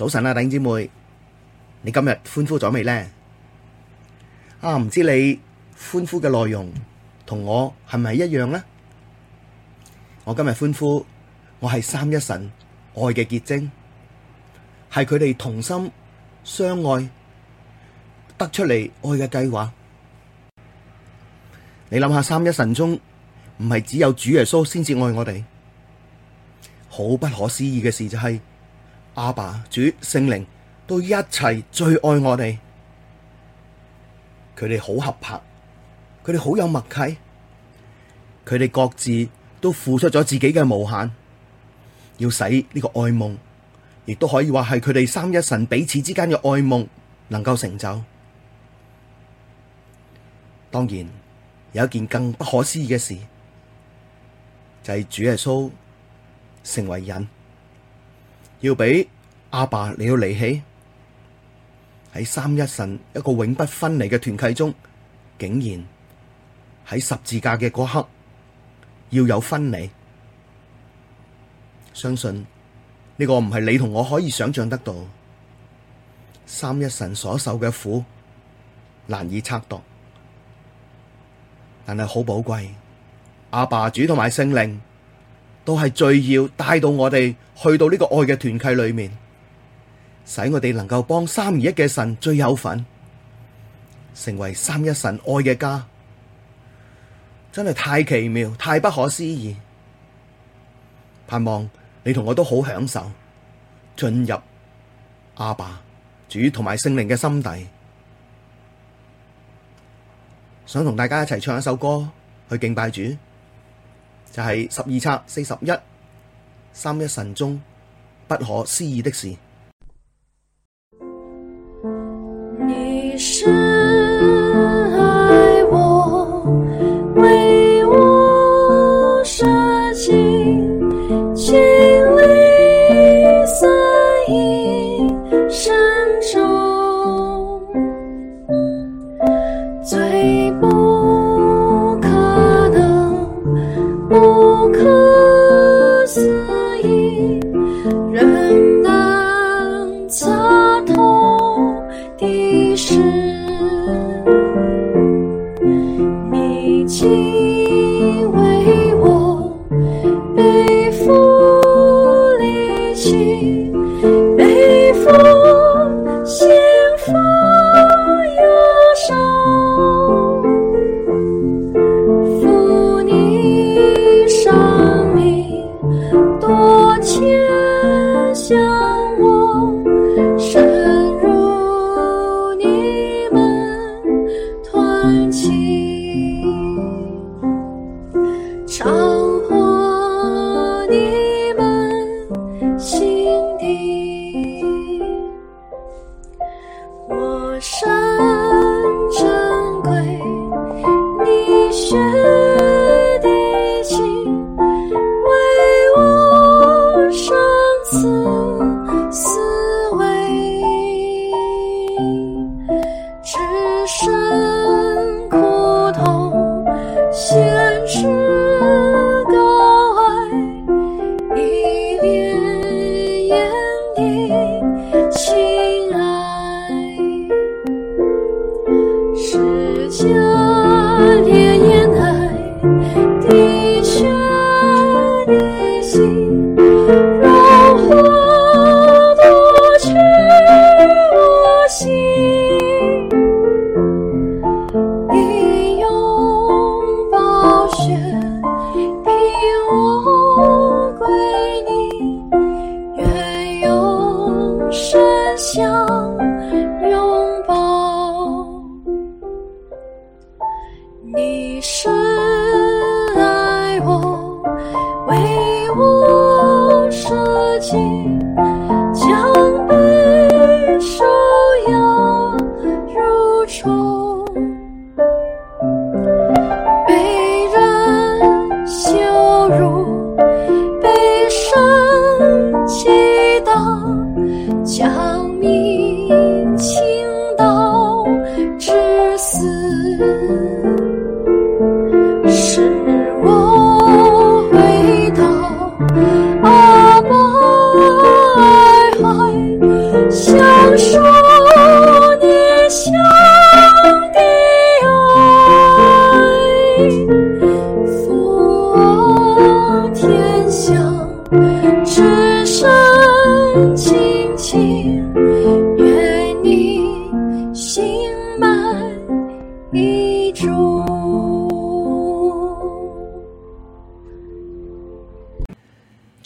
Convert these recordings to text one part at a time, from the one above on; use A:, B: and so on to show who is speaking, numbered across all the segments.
A: 早晨啦、啊，弟兄姊妹，你今日歡呼咗未呢？啊，唔知你歡呼嘅內容同我係咪一樣呢？我今日歡呼，我係三一神愛嘅結晶，係佢哋同心相愛得出嚟，愛嘅計劃。你諗下，三一神中唔係只有主耶穌先至愛我哋，好不可思議嘅事就係、是。阿爸、主、聖靈都一齊最愛我哋，佢哋好合拍，佢哋好有默契，佢哋各自都付出咗自己嘅無限，要使呢個愛夢，亦都可以話係佢哋三一神彼此之間嘅愛夢能夠成就。當然有一件更不可思議嘅事，就係、是、主耶穌成為人。要畀阿爸你要離棄，喺三一神一個永不分離嘅團契中，竟然喺十字架嘅嗰刻要有分離，相信呢個唔係你同我可以想象得到，三一神所受嘅苦難以測度，但係好寶貴，阿爸主同埋聖靈。都係最要帶到我哋去到呢個愛嘅團契裏面，使我哋能夠幫三而一嘅神最有份，成為三一神愛嘅家，真係太奇妙，太不可思議。盼望你同我都好享受進入阿爸、主同埋聖靈嘅心底，想同大家一齊唱一首歌去敬拜主。係十二冊四十一三一神中不可思議的事。
B: 你是。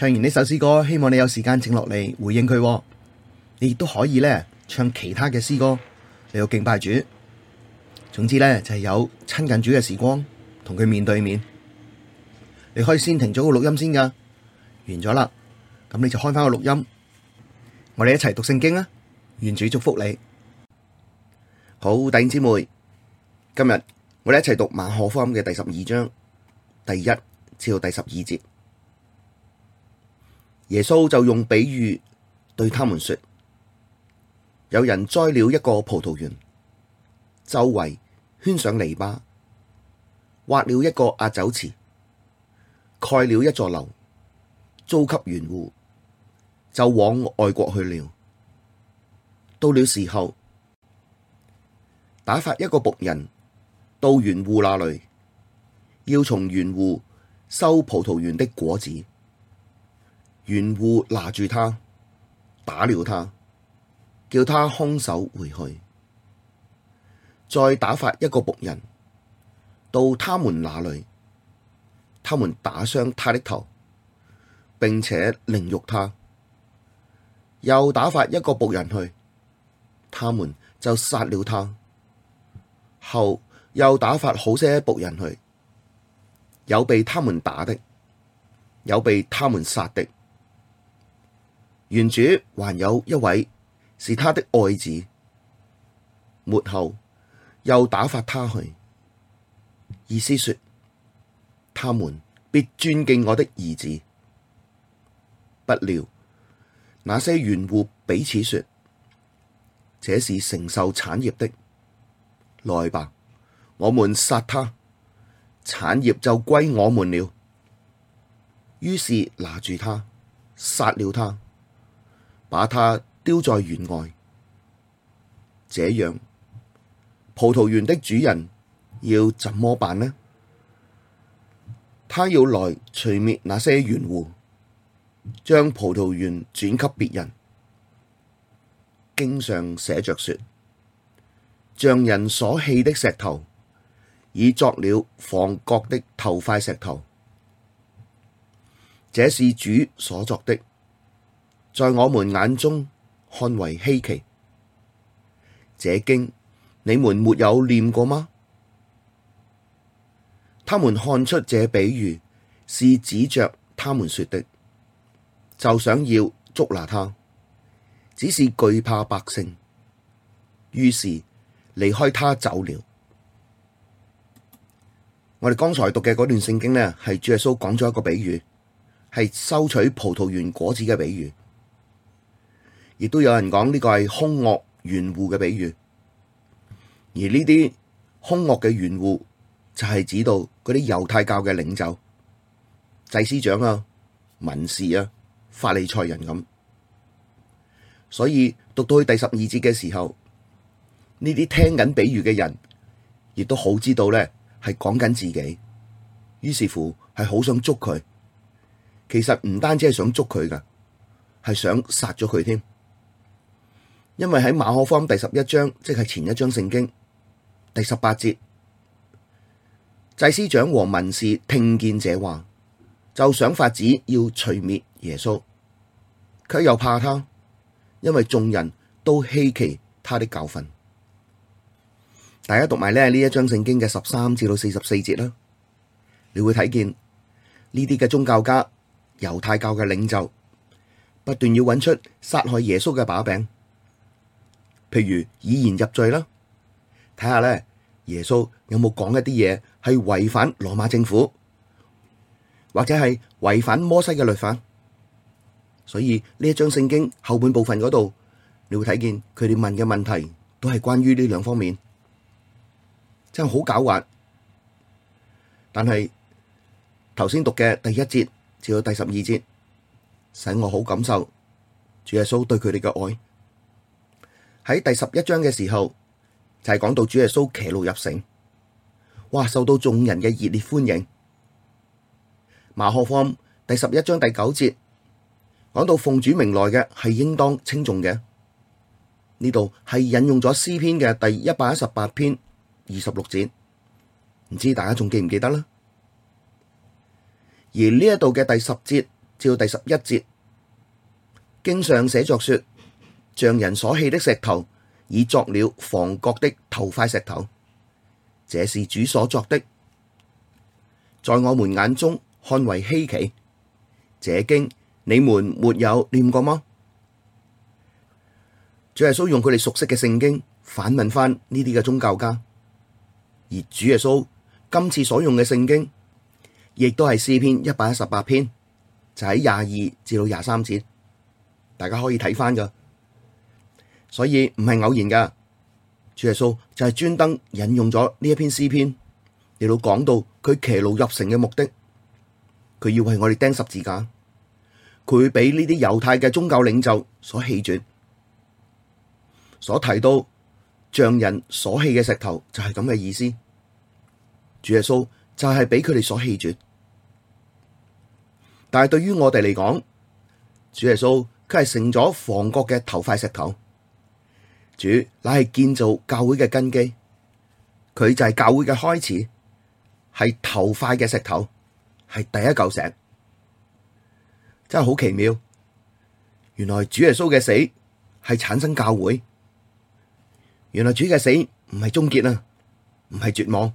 A: 唱完呢首詩歌，希望你有時間靜落嚟回應佢。你亦都可以咧唱其他嘅詩歌，你有敬拜主。總之咧就係、是、有親近主嘅時光，同佢面對面。你可以先停咗個錄音先噶，完咗啦，咁你就開翻個錄音，我哋一齊讀聖經啊！願主祝福你。好，弟兄姊妹，今日我哋一齊讀馬可福音嘅第十二章第一至到第十二節。耶穌就用比喻對他們說：有人栽了一個葡萄園，周圍圈上籬笆，挖了一個壓酒池，蓋了一座樓，租給園戶，就往外國去了。到了時候，打發一個僕人到園戶那裡，要從園戶收葡萄園的果子。園戶拿住他，打了他，叫他空手回去。再打發一個僕人到他們那裏，他們打傷他的頭，並且凌辱他。又打發一個僕人去，他們就殺了他。後又打發好些僕人去，有被他們打的，有被他們殺的。園主還有一位是他的愛子，末後又打發他去，意思說，他們必尊敬我的兒子。不料，那些園戶彼此說：這是承受產業的，來吧，我們殺他，產業就歸我們了。於是拿住他，殺了他。把他丟在園外。這樣葡萄園的主人要怎麼辦呢？他要來除滅那些園戶，將葡萄園轉給別人。經上寫着說：匠人所棄的石頭，已作了房角的頭塊石頭，這是主所作的。在我們眼中看為希奇，這經你們沒有念過嗎？他們看出這比喻，是指着他們說的，就想要捉拿他，只是懼怕百姓，於是離開他走了。我哋剛才讀嘅嗰段聖經呢，係主耶穌講咗一個比喻，係收取葡萄園果子嘅比喻。亦都有人講呢個係凶惡園戶嘅比喻，而呢啲凶惡嘅園戶就係指到嗰啲猶太教嘅領袖、祭司長啊、文士啊、法利賽人咁。所以讀到去第十二節嘅時候，呢啲聽緊比喻嘅人，亦都好知道咧係講緊自己，於是乎係好想捉佢。其實唔單止係想捉佢噶，係想殺咗佢添。因為喺馬可方第十一章，即係前一章聖經第十八節，祭司長和文士聽見這話，就想法子要除滅耶穌，卻又怕他，因為眾人都希奇他的教訓。大家讀埋咧呢一章聖經嘅十三至到四十四節啦，你會睇見呢啲嘅宗教家、猶太教嘅領袖不斷要揾出殺害耶穌嘅把柄。譬如以言入罪啦，睇下咧，耶穌有冇講一啲嘢，係違反羅馬政府，或者係違反摩西嘅律法？所以呢一章聖經後半部分嗰度，你會睇見佢哋問嘅問題都係關於呢兩方面，真係好狡猾。但係頭先讀嘅第一節至到第十二節，使我好感受主耶穌對佢哋嘅愛。喺第十一章嘅時候就係、是、講到主耶穌騎驢入城，哇受到眾人嘅熱烈歡迎。馬可福音第十一章第九節講到奉主名來嘅係應當稱重嘅，呢度係引用咗詩篇嘅第一百一十八篇二十六節，唔知大家仲記唔記得啦？而呢一度嘅第十節照第十一節經上寫作說。匠人所棄的石頭，已作了房角的頭塊石頭。這是主所作的，在我們眼中看為稀奇。這經你們沒有念過嗎？主耶穌用佢哋熟悉嘅聖經反問翻呢啲嘅宗教家，而主耶穌今次所用嘅聖經，亦都係詩篇一百一十八篇，就喺廿二至到廿三節，大家可以睇翻噶。所以唔係偶然噶，主耶穌就係專登引用咗呢一篇詩篇，亦都講到佢騎驢入城嘅目的，佢要為我哋釘十字架，佢俾呢啲猶太嘅宗教領袖所棄絕，所提到匠人所棄嘅石頭就係咁嘅意思，主耶穌就係俾佢哋所棄絕，但係對於我哋嚟講，主耶穌佢係成咗房角嘅頭塊石頭。主乃係建造教會嘅根基，佢就係教會嘅開始，係頭塊嘅石頭，係第一嚿石，真係好奇妙。原來主耶穌嘅死係產生教會，原來主嘅死唔係終結啊，唔係絕望，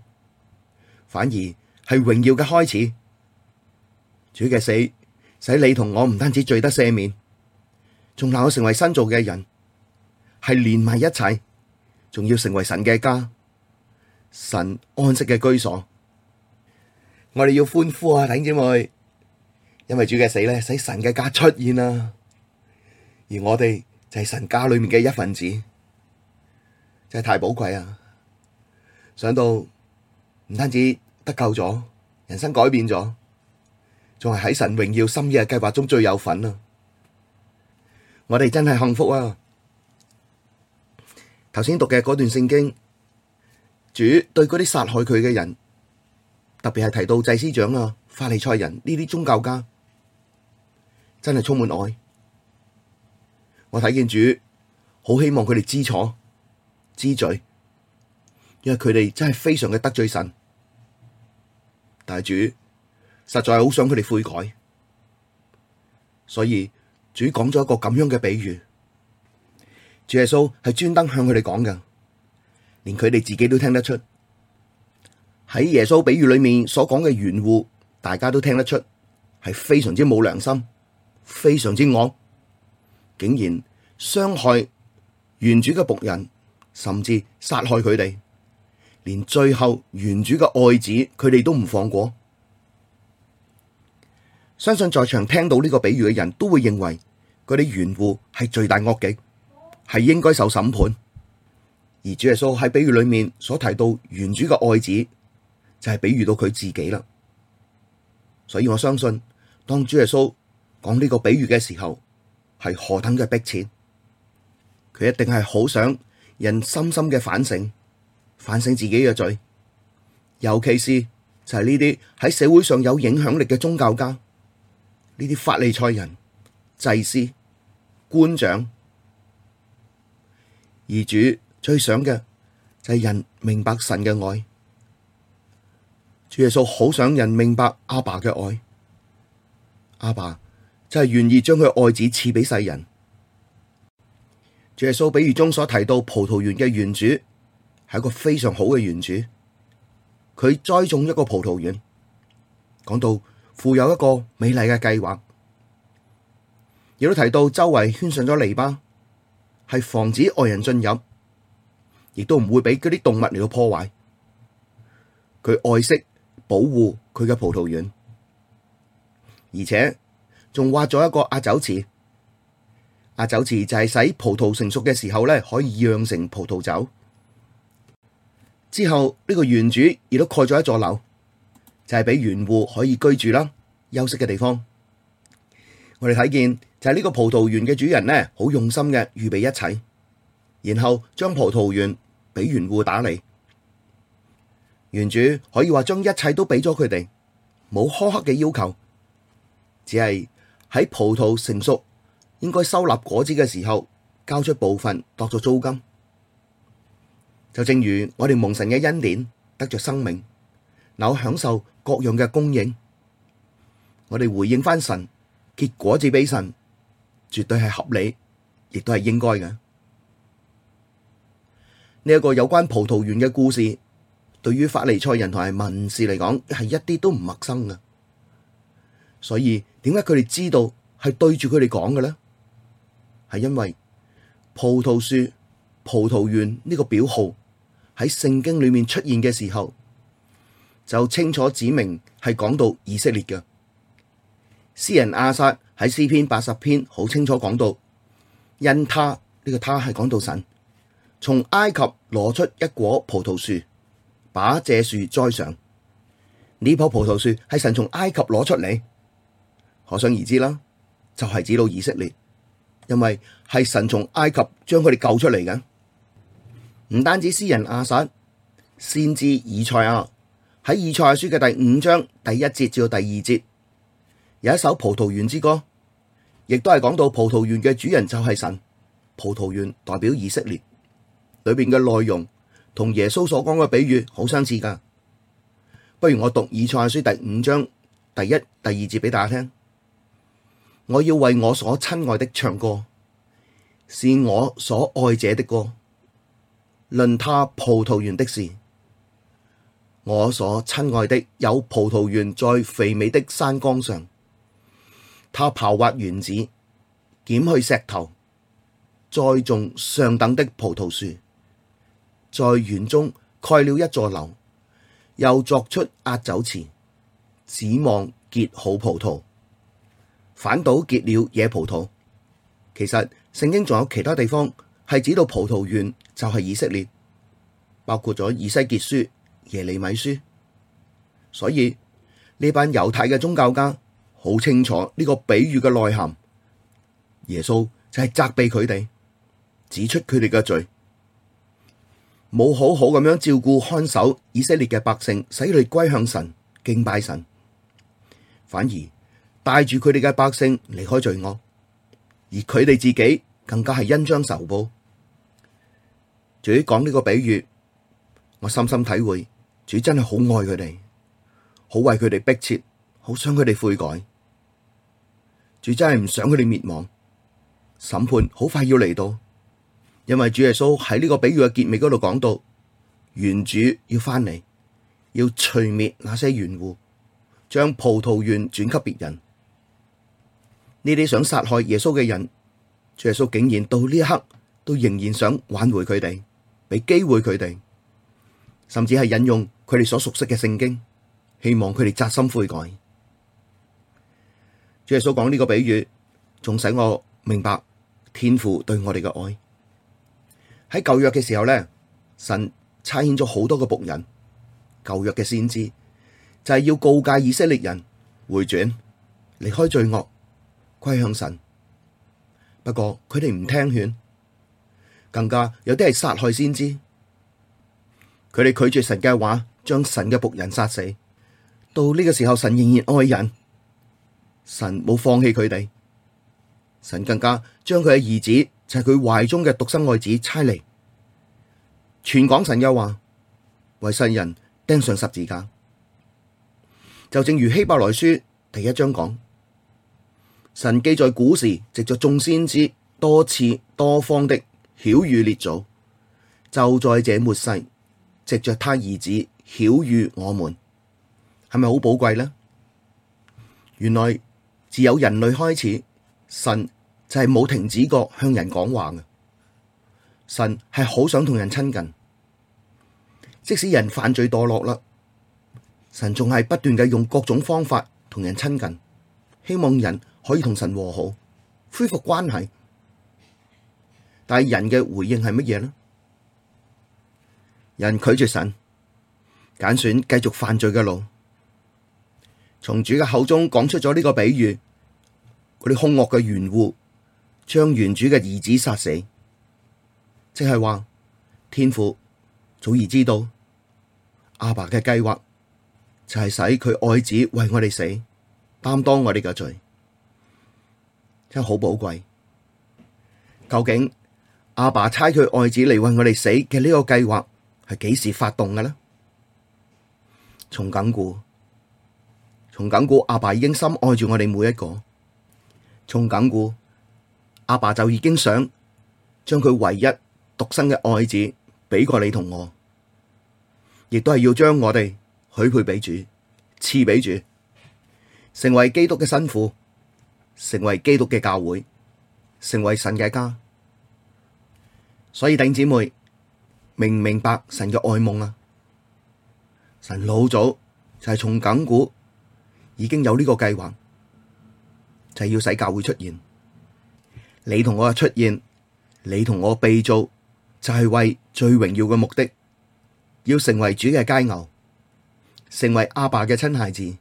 A: 反而係榮耀嘅開始。主嘅死使你同我唔單止罪得赦免，仲讓我成為新造嘅人。係連埋一齊，仲要成為神嘅家，神安息嘅居所。我哋要歡呼啊！姐妹！因為主嘅死咧，使神嘅家出現啦，啊。而我哋就係神家裏面嘅一份子，真係太寶貴啊！想到唔單止得救咗，人生改變咗，仲係喺神榮耀深遠計劃中最有份啊！我哋真係幸福啊！頭先讀嘅嗰段聖經，主對嗰啲殺害佢嘅人，特別係提到祭司長啊、法利賽人呢啲宗教家，真係充滿愛。我睇見主好希望佢哋知錯知罪，因為佢哋真係非常嘅得罪神。但係主實在好想佢哋悔改，所以主講咗一個咁樣嘅比喻。主耶穌係專登向佢哋講嘅，連佢哋自己都聽得出。喺耶穌比喻裏面所講嘅園戶，大家都聽得出係非常之冇良心，非常之惡，竟然傷害園主嘅僕人，甚至殺害佢哋，連最後園主嘅愛子佢哋都唔放過。相信在場聽到呢個比喻嘅人都會認為嗰啲園戶係罪大惡極。係應該受審判，而主耶穌喺比喻裏面所提到園主嘅愛子，就係、是、比喻到佢自己啦。所以我相信，當主耶穌講呢個比喻嘅時候，係何等嘅迫切，佢一定係好想人深深嘅反省，反省自己嘅罪，尤其是就係呢啲喺社會上有影響力嘅宗教家，呢啲法利賽人、祭司、官長。而主最想嘅就係人明白神嘅愛，主耶穌好想人明白阿爸嘅愛，阿爸就係願意將佢嘅愛子賜俾世人。主耶穌比喻中所提到葡萄園嘅園主係一個非常好嘅園主，佢栽種一個葡萄園，講到富有一個美麗嘅計劃，亦都提到周圍圈上咗籬笆。係防止外人進入，亦都唔會俾嗰啲動物嚟到破壞。佢愛惜保護佢嘅葡萄園，而且仲挖咗一個壓酒池。壓酒池就係使葡萄成熟嘅時候咧，可以釀成葡萄酒。之後呢、這個園主亦都蓋咗一座樓，就係、是、俾園戶可以居住啦、休息嘅地方。我哋睇見。就係呢個葡萄園嘅主人呢，好用心嘅預備一切，然後將葡萄園俾園戶打理。園主可以話將一切都俾咗佢哋，冇苛刻嘅要求，只係喺葡萄成熟應該收納果子嘅時候，交出部分當作租金。就正如我哋蒙神嘅恩典，得着生命，有享受各樣嘅供應，我哋回應翻神，結果子俾神。絕對係合理，亦都係應該嘅。呢一個有關葡萄園嘅故事，對於法利賽人同埋文士嚟講，係一啲都唔陌生嘅。所以點解佢哋知道係對住佢哋講嘅呢？係因為葡萄樹、葡萄園呢個表號喺聖經裏面出現嘅時候，就清楚指明係講到以色列嘅詩人亞薩。喺詩篇八十篇好清楚講到，因他呢、這個他係講到神從埃及攞出一果葡萄樹，把這樹栽，栽上。呢棵葡萄樹係神從埃及攞出嚟，可想而知啦，就係、是、指到以色列，因為係神從埃及將佢哋救出嚟嘅。唔單止詩人阿薩，先至以賽亞喺以賽書嘅第五章第一節至到第二節。有一首《葡萄園之歌》，亦都係講到葡萄園嘅主人就係神。葡萄園代表以色列，裏面嘅內容同耶穌所講嘅比喻好相似噶。不如我讀《以賽亞書》第五章第一、第二節俾大家聽。我要為我所親愛的唱歌，是我所愛者的歌。論他葡萄園的事，我所親愛的有葡萄園在肥美的山崗上。他刨挖園子，撿去石頭，再種上等的葡萄樹，在園中蓋了一座樓，又鑿出壓酒池，指望結好葡萄，反倒結了野葡萄。其實聖經仲有其他地方係指到葡萄園，就係以色列，包括咗以西結書、耶利米書，所以呢班猶太嘅宗教家。好清楚呢個比喻嘅內涵，耶穌就係責備佢哋，指出佢哋嘅罪，冇好好咁樣照顧看守以色列嘅百姓，使佢歸向神，敬拜神，反而帶住佢哋嘅百姓離開罪惡，而佢哋自己更加係恩將仇報。主講呢個比喻，我深深體會，主真係好愛佢哋，好為佢哋逼切，好想佢哋悔改。主真係唔想佢哋滅亡，審判好快要嚟到，因為主耶穌喺呢個比喻嘅結尾嗰度講到，園主要翻嚟，要除滅那些園戶，將葡萄園轉給別人。呢啲想殺害耶穌嘅人，主耶穌竟然到呢一刻都仍然想挽回佢哋，俾機會佢哋，甚至係引用佢哋所熟悉嘅聖經，希望佢哋扎心悔改。主耶穌講呢個比喻，仲使我明白天父對我哋嘅愛。喺舊約嘅時候咧，神差遣咗好多嘅僕人，舊約嘅先知，就係要告誡以色列人回轉，離開罪惡，歸向神。不過佢哋唔聽勸，更加有啲係殺害先知，佢哋拒絕神嘅話，將神嘅僕人殺死。到呢個時候，神仍然愛人。神冇放棄佢哋，神更加將佢嘅兒子，就係佢懷中嘅獨生愛子差嚟。全港神又話為世人釘上十字架，就正如希伯來書第一章講，神既在古時藉着眾先知多次多方的曉諭列祖，就在這末世藉着他兒子曉諭我們，係咪好寶貴呢？原來。自有人類開始，神就係冇停止過向人講話嘅。神係好想同人親近，即使人犯罪墮落啦，神仲係不斷嘅用各種方法同人親近，希望人可以同神和好，恢復關係。但係人嘅回應係乜嘢呢？人拒絕神，揀選繼續犯罪嘅路。從主嘅口中講出咗呢個比喻。佢哋兇惡嘅園戶，將園主嘅兒子殺死，即係話天父早已知道阿爸嘅計劃就係使佢愛子為我哋死，擔當我哋嘅罪，真係好寶貴。究竟阿爸差佢愛子嚟為我哋死嘅呢個計劃係幾時發動嘅呢？從亙古，從亙古，阿爸已經深愛住我哋每一個。從亙古，阿爸，爸就已經想將佢唯一獨生嘅愛子畀過你同我，亦都係要將我哋許配俾主，賜俾主，成為基督嘅新婦，成為基督嘅教會，成為神嘅家。所以弟姊妹明唔明白神嘅愛夢啊？神老早，就係從亙古已經有呢個計劃。就要使教會出現，你同我嘅出現，你同我被造，就係、是、為最榮耀嘅目的，要成為主嘅佳偶，成為阿爸嘅親孩子，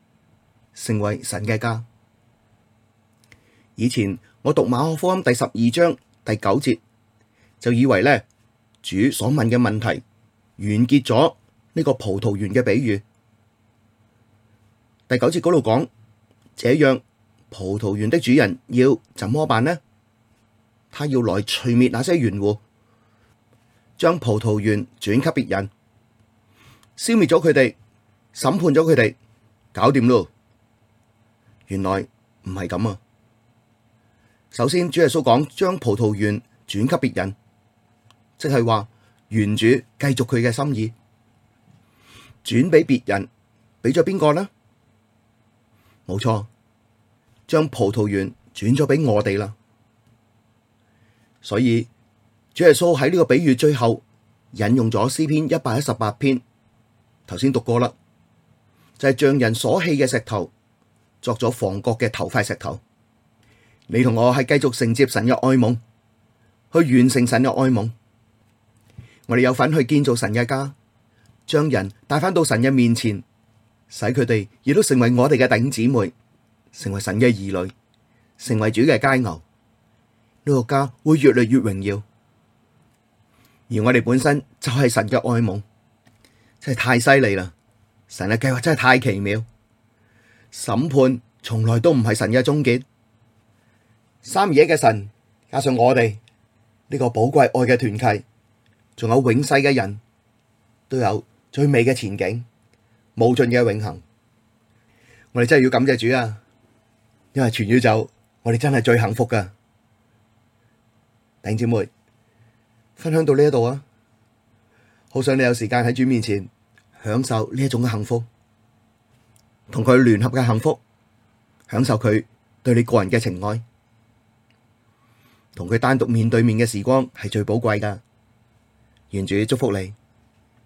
A: 成為神嘅家。以前我讀馬可福音第十二章第九節，就以為呢主所問嘅問題完結咗呢個葡萄園嘅比喻。第九節嗰度講，這樣。葡萄園的主人要怎麼辦呢？他要來除滅那些園戶，將葡萄園轉給別人，消滅咗佢哋，審判咗佢哋，搞掂咯。原來唔係咁啊！首先，主耶穌講將葡萄園轉給別人，即係話園主繼續佢嘅心意，轉俾別人，俾咗邊個呢？冇錯。將葡萄園轉咗俾我哋啦，所以主耶穌喺呢個比喻最後引用咗詩篇一百一十八篇，頭先讀過啦，就係、是、匠人所棄嘅石頭作咗房角嘅頭塊石頭。你同我係繼續承接神嘅愛夢，去完成神嘅愛夢。我哋有份去建造神嘅家，將人帶翻到神嘅面前，使佢哋亦都成為我哋嘅弟兄姊妹。成為神嘅兒女，成為主嘅佳偶，呢、這個家會越嚟越榮耀，而我哋本身就係神嘅愛夢，真係太犀利啦！神嘅計劃真係太奇妙，審判從來都唔係神嘅終結。三一嘅神加上我哋呢、這個寶貴愛嘅團契，仲有永世嘅人，都有最美嘅前景，冇盡嘅永恒。我哋真係要感謝主啊！因為全宇宙，我哋真係最幸福噶，弟姐妹，分享到呢一度啊！好想你有時間喺主面前享受呢一種嘅幸福，同佢聯合嘅幸福，享受佢對你個人嘅情愛，同佢單獨面對面嘅時光係最寶貴噶。願主祝福你。